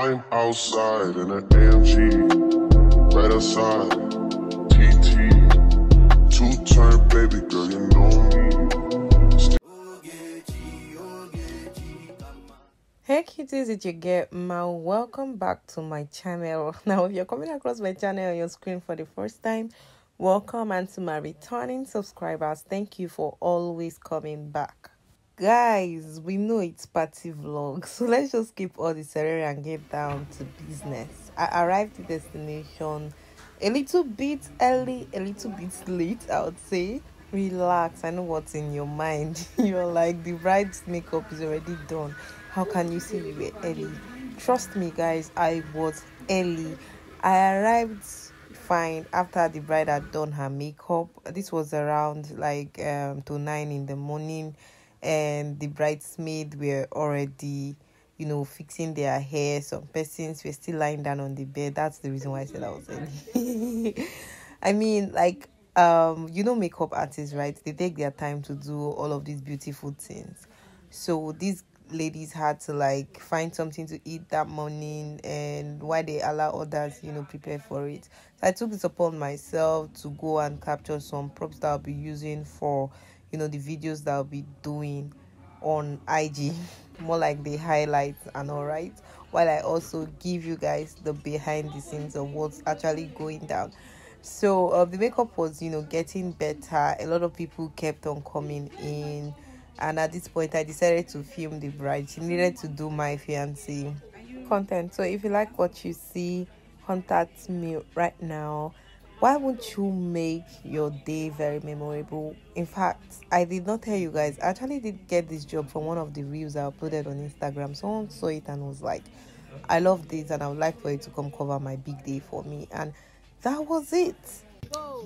I'm outside in an AMG, right outside, TT, two-turn baby girl, you know me. hey cuties! it's your girl Mao welcome back to my channel now if you're coming across my channel on your screen for the first time welcome and to my returning subscribers thank you for always coming back guys we know it's party vlog so let's just keep all the ceremony and get down to business i arrived to destination a little bit early a little bit late i would say relax i know what's in your mind you're like the bride's makeup is already done how can you say you were early? Trust me, guys, I was early. I arrived fine after the bride had done her makeup. This was around like um to nine in the morning, and the bridesmaids were already you know, fixing their hair. Some persons were still lying down on the bed. That's the reason why I said I was early. I mean, like, um, you know, makeup artists, right? They take their time to do all of these beautiful things. So these ladies had to like find something to eat that morning and why they allow others you know prepare for it so i took this upon myself to go and capture some props that i'll be using for you know the videos that i'll be doing on ig more like the highlights and all right while i also give you guys the behind the scenes of what's actually going down so uh, the makeup was you know getting better a lot of people kept on coming in and at this point i decided to film the bride she needed to do my fiancé content so if you like what you see contact me right now why won't you make your day very memorable in fact i did not tell you guys i actually did get this job from one of the reels i uploaded on instagram someone saw it and was like i love this and i would like for you to come cover my big day for me and that was it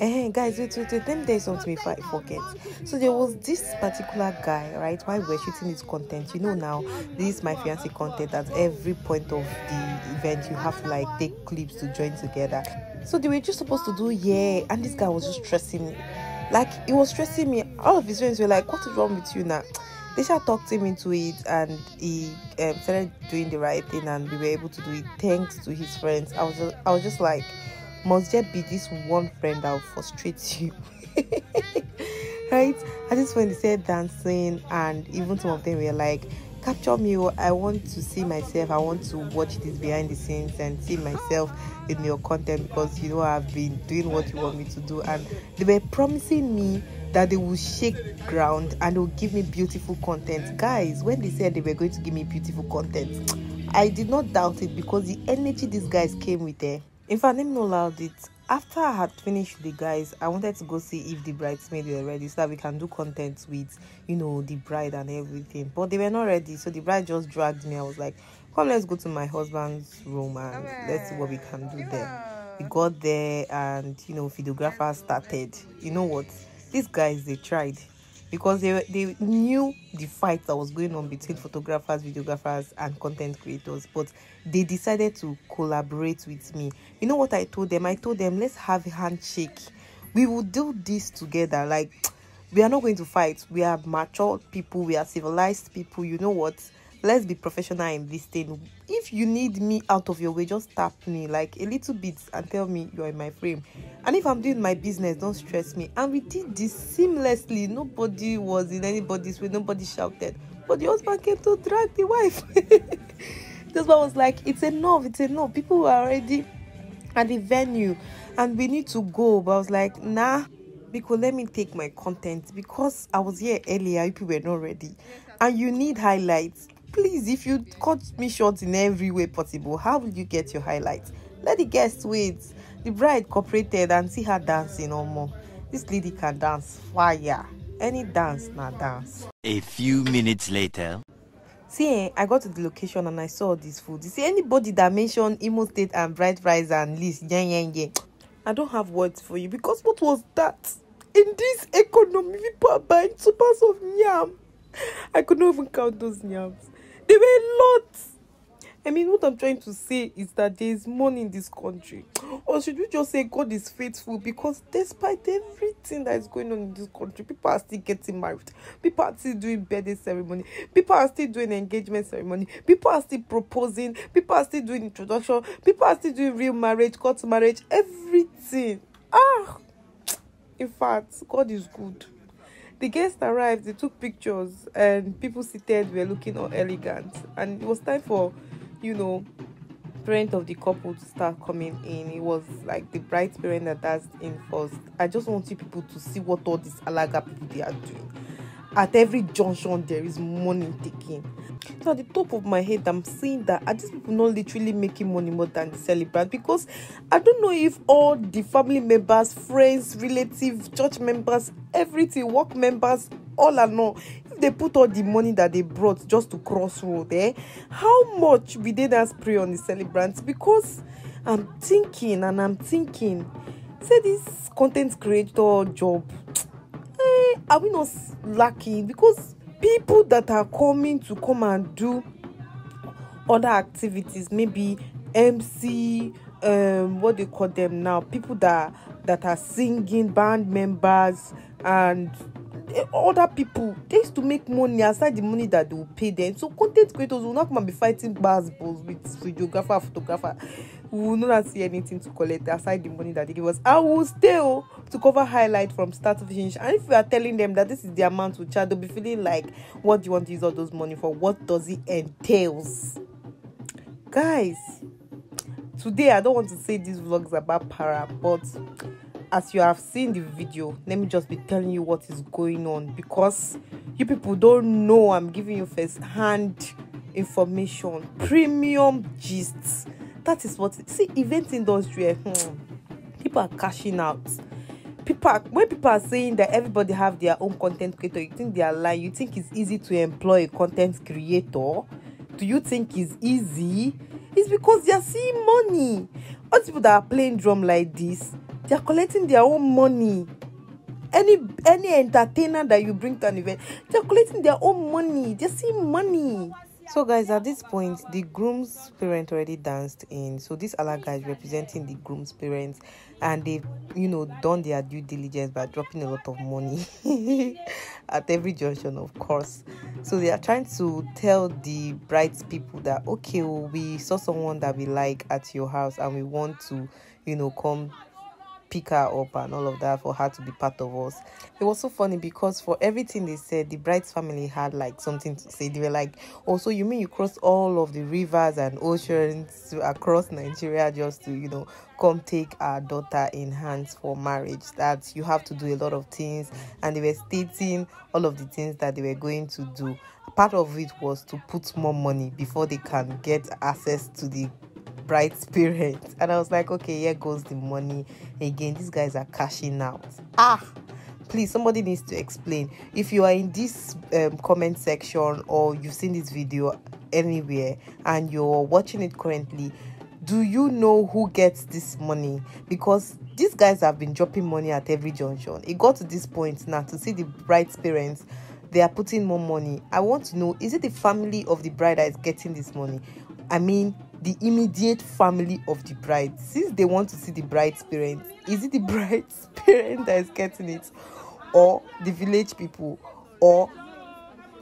Eh, guys, wait, wait, wait. Them days do me be I forget. So there was this particular guy, right? While we were shooting this content, you know now, this is my fiancé content. At every point of the event, you have to like take clips to join together. So they were just supposed to do yeah, and this guy was just stressing me. Like he was stressing me. All of his friends were like, "What is wrong with you now?" They just talked him into it, and he um, started doing the right thing, and we were able to do it thanks to his friends. I was, just, I was just like must there be this one friend that will frustrate you? right? At this point, they said dancing, and even some of them were like, Capture me, oh, I want to see myself, I want to watch this behind the scenes and see myself in your content because you know I've been doing what you want me to do. And they were promising me that they will shake ground and they will give me beautiful content. Guys, when they said they were going to give me beautiful content, I did not doubt it because the energy these guys came with there. Eh, in fact, let me not loud it. After I had finished the guys, I wanted to go see if the bridesmaids were ready so that we can do content with, you know, the bride and everything. But they were not ready, so the bride just dragged me. I was like, come, let's go to my husband's room and let's see what we can do there. We got there and, you know, videographer started. You know what? These guys, they tried because they they knew the fight that was going on between photographers, videographers, and content creators, but they decided to collaborate with me. You know what I told them? I told them, let's have a handshake. We will do this together. Like, we are not going to fight. We are mature people. We are civilized people. You know what? let's be professional in this thing if you need me out of your way just tap me like a little bit and tell me you're in my frame and if i'm doing my business don't stress me and we did this seamlessly nobody was in anybody's way nobody shouted but the husband came to drag the wife this one was like it's enough it's enough people were already at the venue and we need to go but i was like nah because let me take my content because I was here earlier, people were not ready. And you need highlights. Please, if you cut me short in every way possible, how will you get your highlights? Let the guests wait. The bride cooperated and see her dancing or more. This lady can dance fire. Any dance na dance. A few minutes later. See, eh, I got to the location and I saw this food. You see, anybody that mentioned Imo State and bright Rise and list, yeah, yeah, yeah. I don't have words for you because what was that? In this economy, we buy two parts of yam. I could not even count those yams. There were lots. I mean, what I'm trying to say is that there is money in this country. Or should we just say God is faithful? Because despite everything that is going on in this country, people are still getting married. People are still doing birthday ceremony. People are still doing engagement ceremony. People are still proposing. People are still doing introduction. People are still doing real marriage, court marriage, everything. Ah! In fact, God is good. the guests arrived they took pictures and people seated were looking all elegant and it was time for you know parent of the couple to start coming in it was like the bride's parent that that's in first i just want you people to see what all these alaga people they are doing at every junction there is money taking So at the top of my head, I'm seeing that are these people not literally making money more than the celebrant? Because I don't know if all the family members, friends, relatives, church members, everything, work members, all and all, if they put all the money that they brought just to cross road, eh? How much we did not pray on the celebrants? Because I'm thinking and I'm thinking, say this content creator job are we not lacking because people that are coming to come and do other activities maybe mc um what they call them now people that that are singing band members and other people they used to make money aside the money that they will pay them so content creators will not come and be fighting basketballs with videographer photographer we will not see anything to collect aside the money that they give us i will stay oh to cover highlight from start to finish. And if you are telling them that this is the amount to charge, they'll be feeling like, what do you want to use all those money for? What does it entails? Guys, today I don't want to say this vlog is about para, but as you have seen the video, let me just be telling you what is going on because you people don't know I'm giving you first hand information, premium gists. That is what see event industry. Eh, hmm, people are cashing out people when people are saying that everybody have their own content creator you think they are lying you think it's easy to employ a content creator do you think it's easy it's because they are seeing money all people that are playing drum like this they are collecting their own money any any entertainer that you bring to an event they are collecting their own money they are seeing money so guys at this point the groom's parent already danced in so these other guys representing the groom's parents and they've you know done their due diligence by dropping a lot of money at every junction of course so they are trying to tell the bright people that okay well, oh, we saw someone that we like at your house and we want to you know come pick her up and all of that for her to be part of us. It was so funny because for everything they said, the bride's family had like something to say. They were like, "Oh, so you mean you crossed all of the rivers and oceans across Nigeria just to, you know, come take our daughter in hands for marriage? That you have to do a lot of things." And they were stating all of the things that they were going to do. Part of it was to put more money before they can get access to the bride's parents. And I was like, okay, here goes the money. Again, these guys are cashing out. Ah, please, somebody needs to explain. If you are in this um, comment section or you've seen this video anywhere and you're watching it currently, do you know who gets this money? Because these guys have been dropping money at every junction. It got to this point now to see the bride's parents they are putting more money. I want to know is it the family of the bride that is getting this money? I mean, the immediate family of the bride since they want to see the bride's parents is it the bride's parent that is getting it or the village people or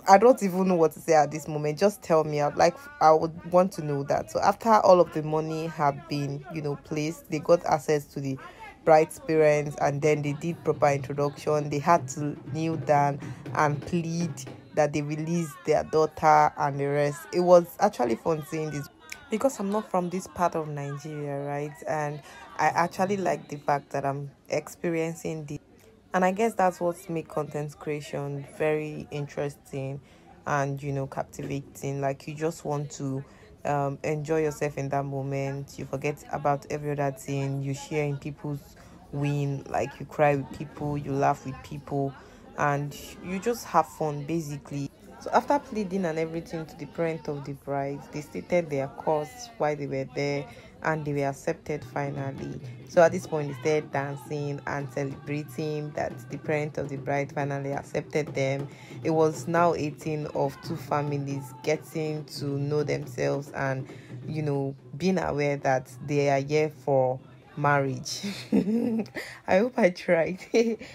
I don't even know what to say at this moment. Just tell me. I'd like I would want to know that. So after all of the money had been, you know, placed, they got access to the bride's parents and then they did proper introduction. They had to kneel down and plead that they release their daughter and the rest. It was actually fun seeing this because I'm not from this part of Nigeria, right? And I actually like the fact that I'm experiencing this. And I guess that's what makes content creation very interesting and, you know, captivating. Like, you just want to um, enjoy yourself in that moment. You forget about every other thing. You share in people's win. Like, you cry with people, you laugh with people, and you just have fun, basically. So after pleading and everything to the parent of the bride, they stated their cause, why they were there, and they were accepted finally. So at this point, they started dancing and celebrating that the parent of the bride finally accepted them. It was now 18 of two families getting to know themselves and, you know, being aware that they are here for marriage. I hope I tried.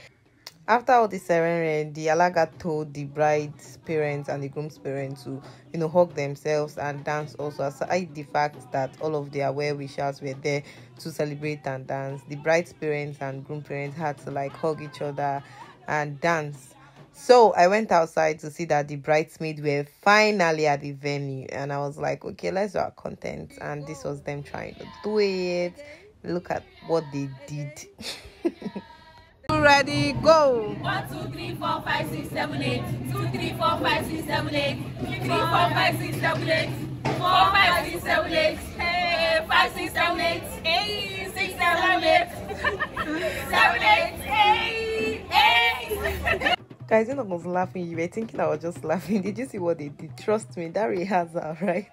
After all the ceremony, the Alaga told the bride's parents and the groom's parents to, you know, hug themselves and dance also, aside the fact that all of their well wishers were there to celebrate and dance. The bride's parents and groom parents had to like hug each other and dance. So I went outside to see that the bridesmaids were finally at the venue, and I was like, okay, let's do our content. And this was them trying to do it. Look at what they did. ready, go. 1, 2, 3, 4, 5, 6, 7, 8. 2, 3, 4, 5, 6, 7, 8. 3, 4, 5, 6, 7, 8. 4, 5, 6, 7, 8. 7, 8. Hey, 6, 7, I was laughing, you were thinking I was just laughing. Did you see what they did? Trust me, that rehearsal, right?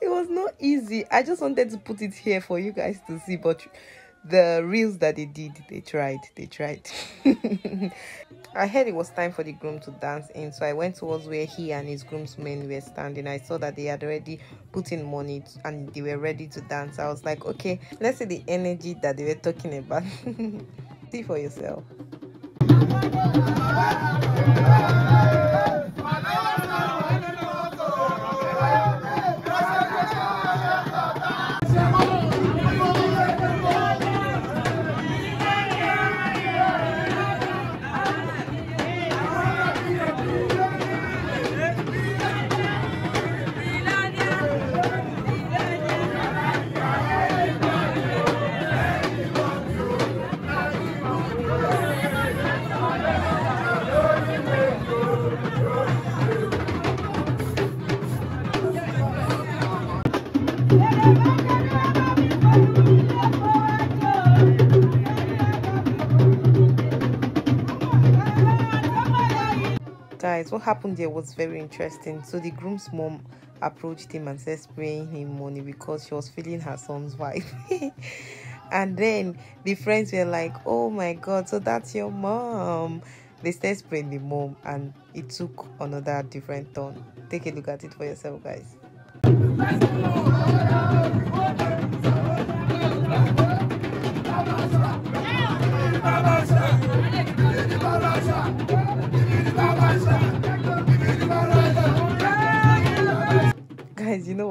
It was not easy. I just wanted to put it here for you guys to see, but the reels that they did, they tried, they tried. I heard it was time for the groom to dance in, so I went towards where he and his groomsmen were standing. I saw that they had already put in money and they were ready to dance. I was like, okay, let's see the energy that they were talking about. see for yourself. guys what happened there was very interesting so the groom's mom approached him and said spraying him money because she was feeling her son's wife and then the friends were like oh my god so that's your mom they started spraying the mom and it took another different turn take a look at it for yourself guys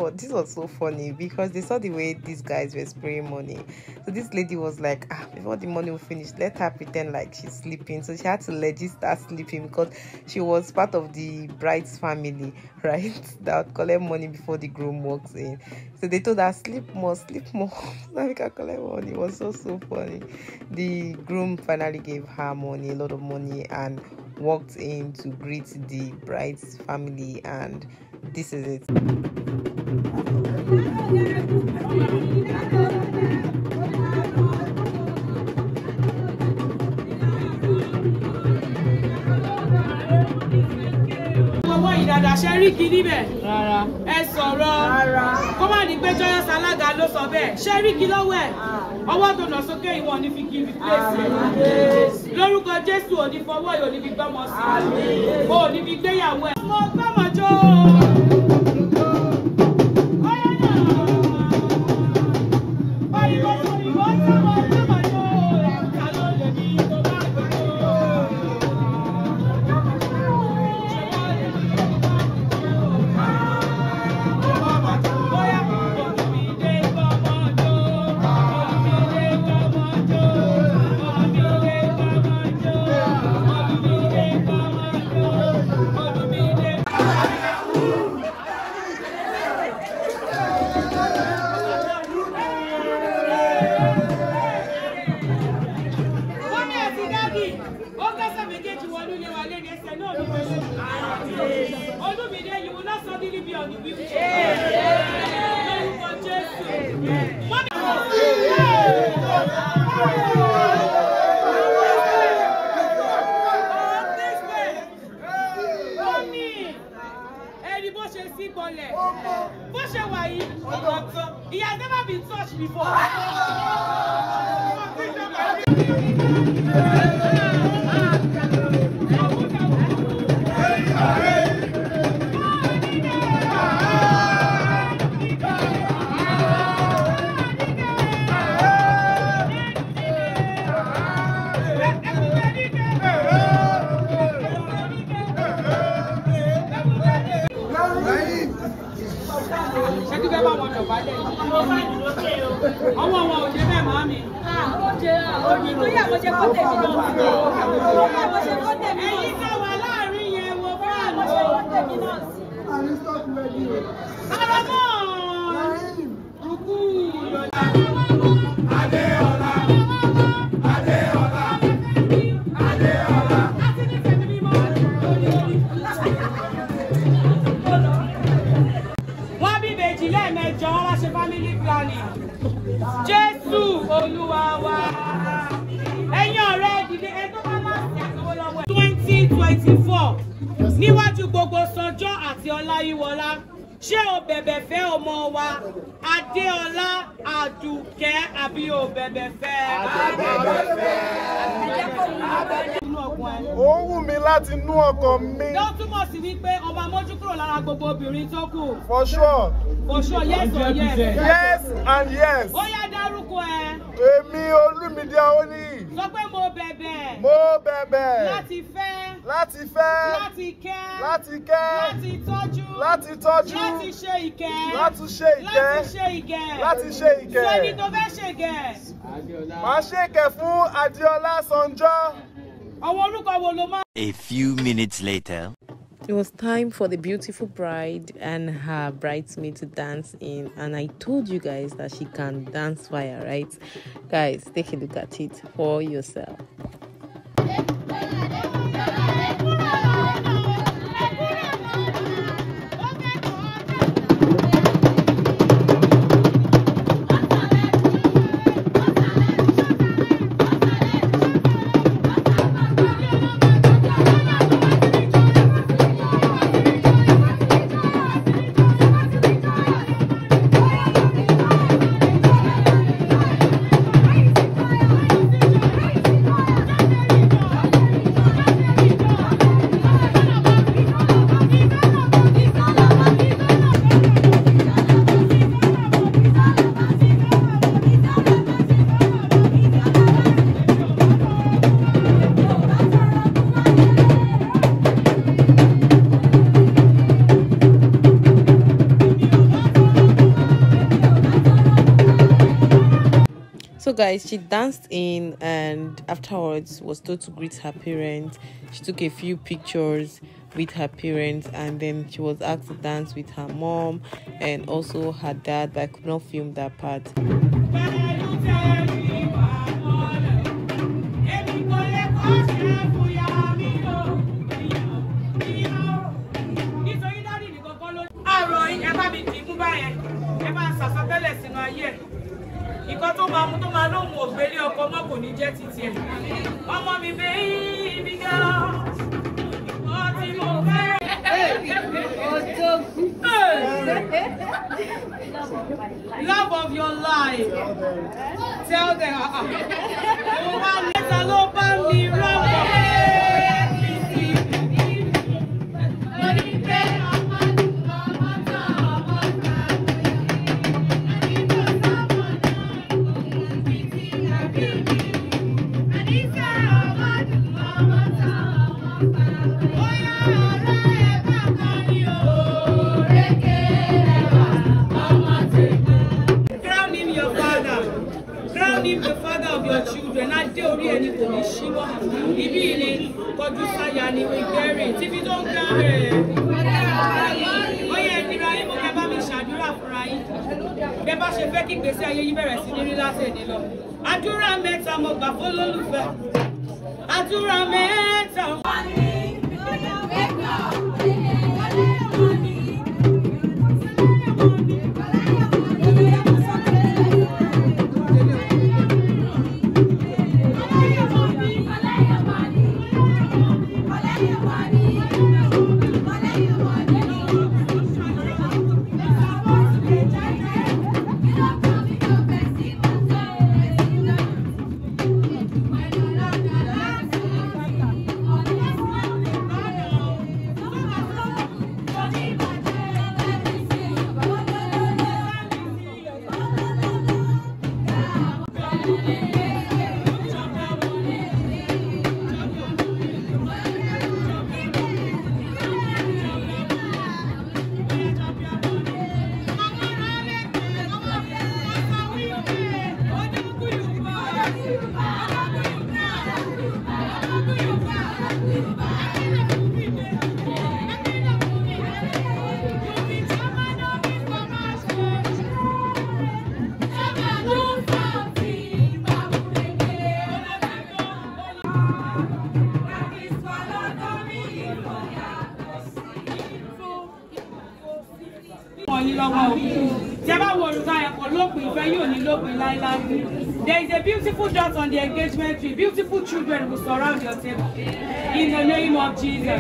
but this was so funny because they saw the way these guys were spraying money. So this lady was like, ah, before the money will finish, let her pretend like she's sleeping. So she had to legit start sleeping because she was part of the bride's family, right? That would collect money before the groom walks in. So they told her, sleep more, sleep more. now we can collect money. It was so, so funny. The groom finally gave her money, a lot of money, and walked in to greet the bride's family and this is it Ṣẹ́ríkì níbẹ̀ ẹ sọ̀rọ̀ kó má ní pé Joyous Alaga ló sọ bẹ́ẹ̀ Ṣẹ́ríkì lọ́wọ́ ẹ̀ ah. ọwọ́ tó nà sókè ìwọ̀n ní fi kí ibi pèsè lórúkọ Jésù ò ní fọwọ́ yìí ò ní fi gbọ́mọ sí i ò ní fi gbéyàwó ẹ̀. mo gbọ́mọ jó doctor. He has never been touched before. Ah! fẹ́ bá wọn dọ̀bálẹ̀. mo ọwọ́ wọn ò ṣe bẹ́ẹ̀ mọ́ mi. òní tó yà mo ṣe kó tèmi lọ. ó yà ká wà láàrin yẹn wo bá mo ṣe kó tèmi lọ sí. àrísọ́ọ̀kù rẹ̀ ni o. gbogbo Sanjọ́ àti Ọláyíwọlá ṣé o bẹ̀bẹ̀ fẹ́ ọmọ wa Adéọlá Àdùkẹ́ àbí o bẹ̀bẹ̀ fẹ́. Àdùkẹ́ fẹ́. Ó wù mí láti nú ọkàn mi. Yóò túmọ̀ sí wípé ọba mójú lára gbogbo obìnrin tó kù. For sure. For sure, yes or yes. Yes and yes. Ó yá dárúkọ ẹ. Èmi Olúmídé Oníyì. Sọ pé mo bẹ̀bẹ̀. Mo bẹ̀bẹ̀. Láti fẹ́ láti fẹ́ láti kẹ́ láti kẹ́ láti tọ́jú láti tọ́jú láti ṣe ìkẹ́ láti ṣe ìkẹ́ láti ṣe ìkẹ́ sẹ́ni tó fẹ́ ṣe ìkẹ́. màá ṣe ìkẹ́ fún Adéọlá Sanjọ́. àwọn orúkọ wo ló máa. A few minutes later. It was time for the beautiful bride and her bridesmaid to dance in, and I told you guys that she can dance fire, right? Guys, take a look at it for yourself. guys, she danced in and afterwards was told to greet her parents. She took a few pictures with her parents and then she was asked to dance with her mom and also her dad, but I could not film that part. tiẹ̀. ọmọ mi baby girl ìwọ tí mo fẹ́. Ojogun. Love of your life. Tell them. Tell uh-uh. them. fẹ́ kí ìgbésí ayé yín bẹ̀rẹ̀ sí ní rí láti èdè lọ àdúrà mẹ́ta mo gbà fún lólùfẹ́ àdúrà mẹ́ta. on the engagement tree. Beautiful children will surround your table. In the name of Jesus.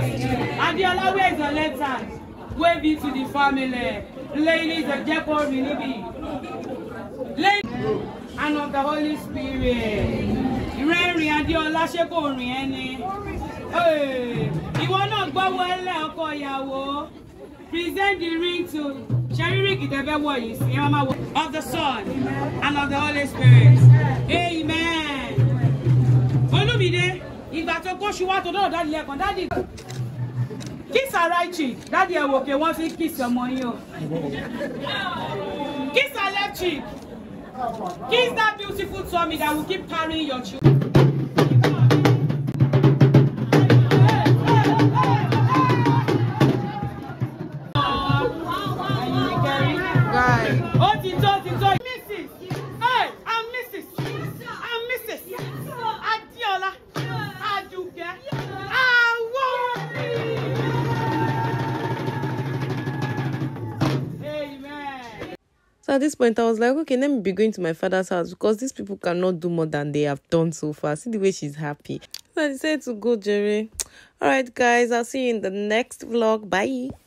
Adiola, where is a left Wave it to the family. Ladies and gentlemen, and of the Holy Spirit. Rẹ́rìn Adéọlá ṣé kò rìn Hey, you náà gbọ́wọ́ ẹlẹ́ ọkọ ìyàwó. Present the ring to Sherry Kìtẹ́fẹ́ wọ̀nyí sí. Of the Son and of the Holy Spirit. Amen dìde ìgbà tó kóṣù wá tó náà dáàdì lẹ́kàn dáàdì. kiss her right cheek Daddy, ẹ̀ wò pé wọ́n fi kiss ọmọ yín o. kiss her left cheek kiss that beautiful tummy that will keep carrying your children. this point, I was like, okay, let me be going to my father's house because these people cannot do more than they have done so far. See the way she's happy. So I decided to go, Jerry. All right, guys, I'll see you in the next vlog. Bye.